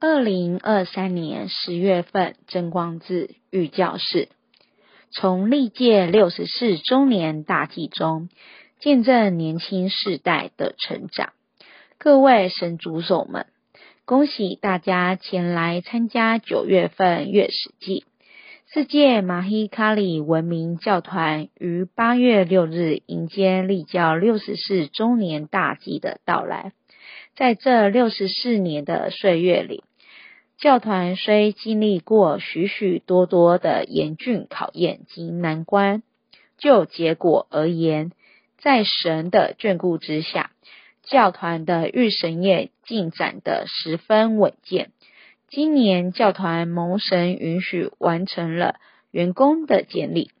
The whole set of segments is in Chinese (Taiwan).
二零二三年十月份，真光誌御教示，從立教六十四周年大祭中見證年輕世代的成長。各位神組手們，恭喜大家前來參加九月份月次祭。世界馬哈卡里文明教團於八月六日迎接立教六十四周年大祭的到來。在這六十四年的歲月裡，教團雖經歷過許許多多的嚴峻考驗及難關，就結果而言，在神的眷顧之下，教團的御神業進展得十分穩健。今年教團蒙神允許完成了員工的建立，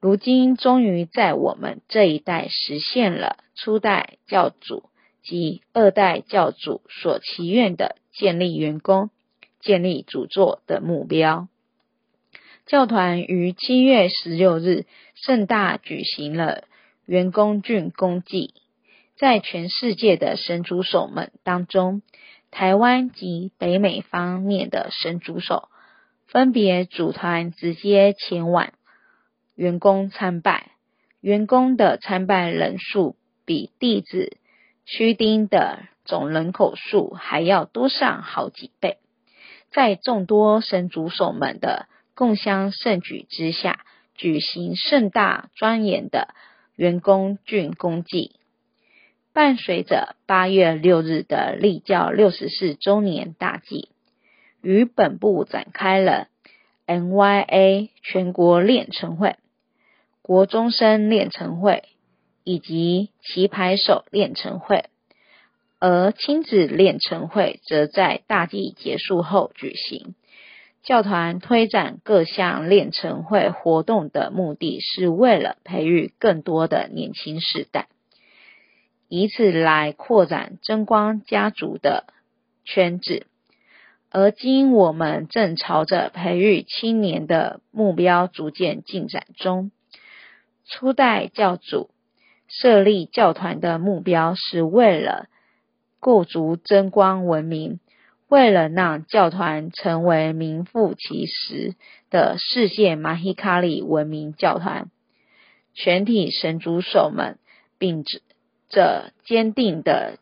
如今終於在我們這一代實現了初代教主及二代教主所祈願的建立員工。建立主座的目標。教團於七月十六日盛大舉行了員工竣工祭，在全世界的神組手們當中，台灣及北美方面的神組手分別組團直接前往員工參拜。員工的參拜人數比弟子屈町的總人口數還要多上好幾倍。在眾多神組手們的共襄盛舉之下，舉行盛大莊嚴的元宮竣工祭。伴隨着八月六日的立教六十四周年大祭，於本部展開了 N.Y.A 全國練成會、國中生練成會以及棋牌手練成會。而親子練成會則在大祭結束後舉行。教團推展各項練成會活動的目的是為了培育更多的年輕世代，以此來擴展真光家族的圈子。而今我們正朝着培育青年的目標逐漸進展中。初代教主設立教團的目標是為了構築真光文明，為了讓教團成為名副其實的世界馬希卡利文明教團，全體神組手們秉持着堅定的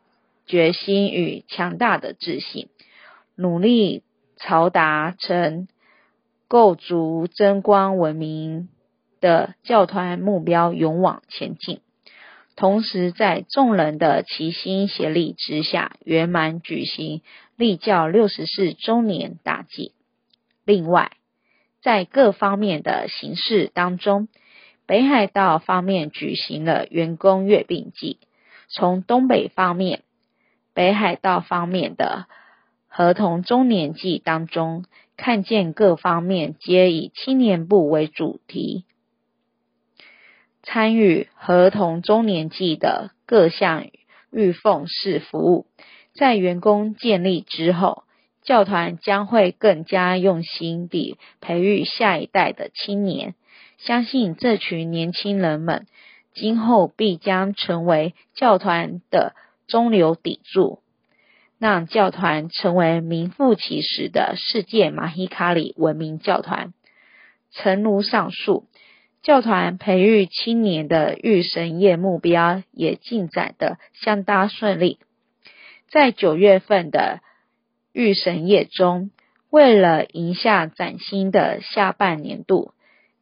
決心與強大的自信，努力朝達成構築真光文明的教團目標勇往前進。同時，在眾人的齊心協力之下，圓滿舉行立教六十四週年大祭。另外，在各方面的形式當中，北海道方面舉行了員工閱兵祭；從東北方面、北海道方面的合同週年祭當中，看見各方面皆以青年部為主題。參與合同中年祭的各項御奉仕服務，在員工建立之後，教團將會更加用心地培育下一代的青年。相信這群年輕人們，今後必將成為教團的中流砥柱，讓教團成為名副其實的世界馬哈卡里文明教團。誠如上述。教團培育青年的御神業目標也進展得相當順利。在九月份的御神業中，為了迎下嶄新的下半年度，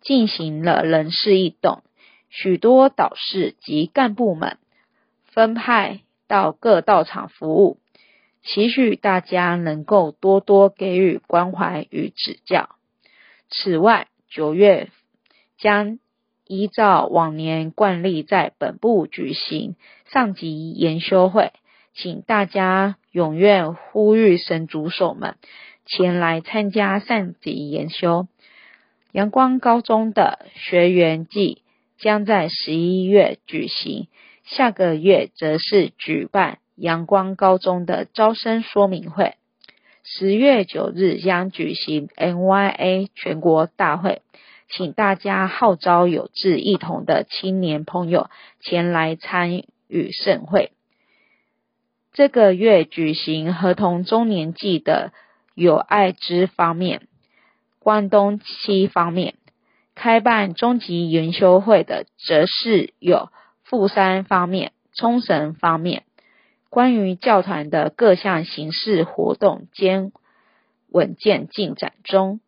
進行了人事異動，許多導師及幹部們分派到各道場服務，期許大家能夠多多給予關懷與指教。此外，九月，將依照往年慣例，在本部舉行上級研修會，請大家踴躍呼籲神組手們前來參加上級研修。陽光高中的學員祭將在十一月舉行，下個月則是舉辦陽光高中的招生說明會。十月九日將舉行 NYA 全國大會。請大家號召有志一同的青年朋友前來參與盛會。這個月舉行合同中年祭的有愛知方面、關東期方面，開辦中級研修會的則是有富山方面、沖繩方面。關於教團的各項形式活動，兼穩健進展中。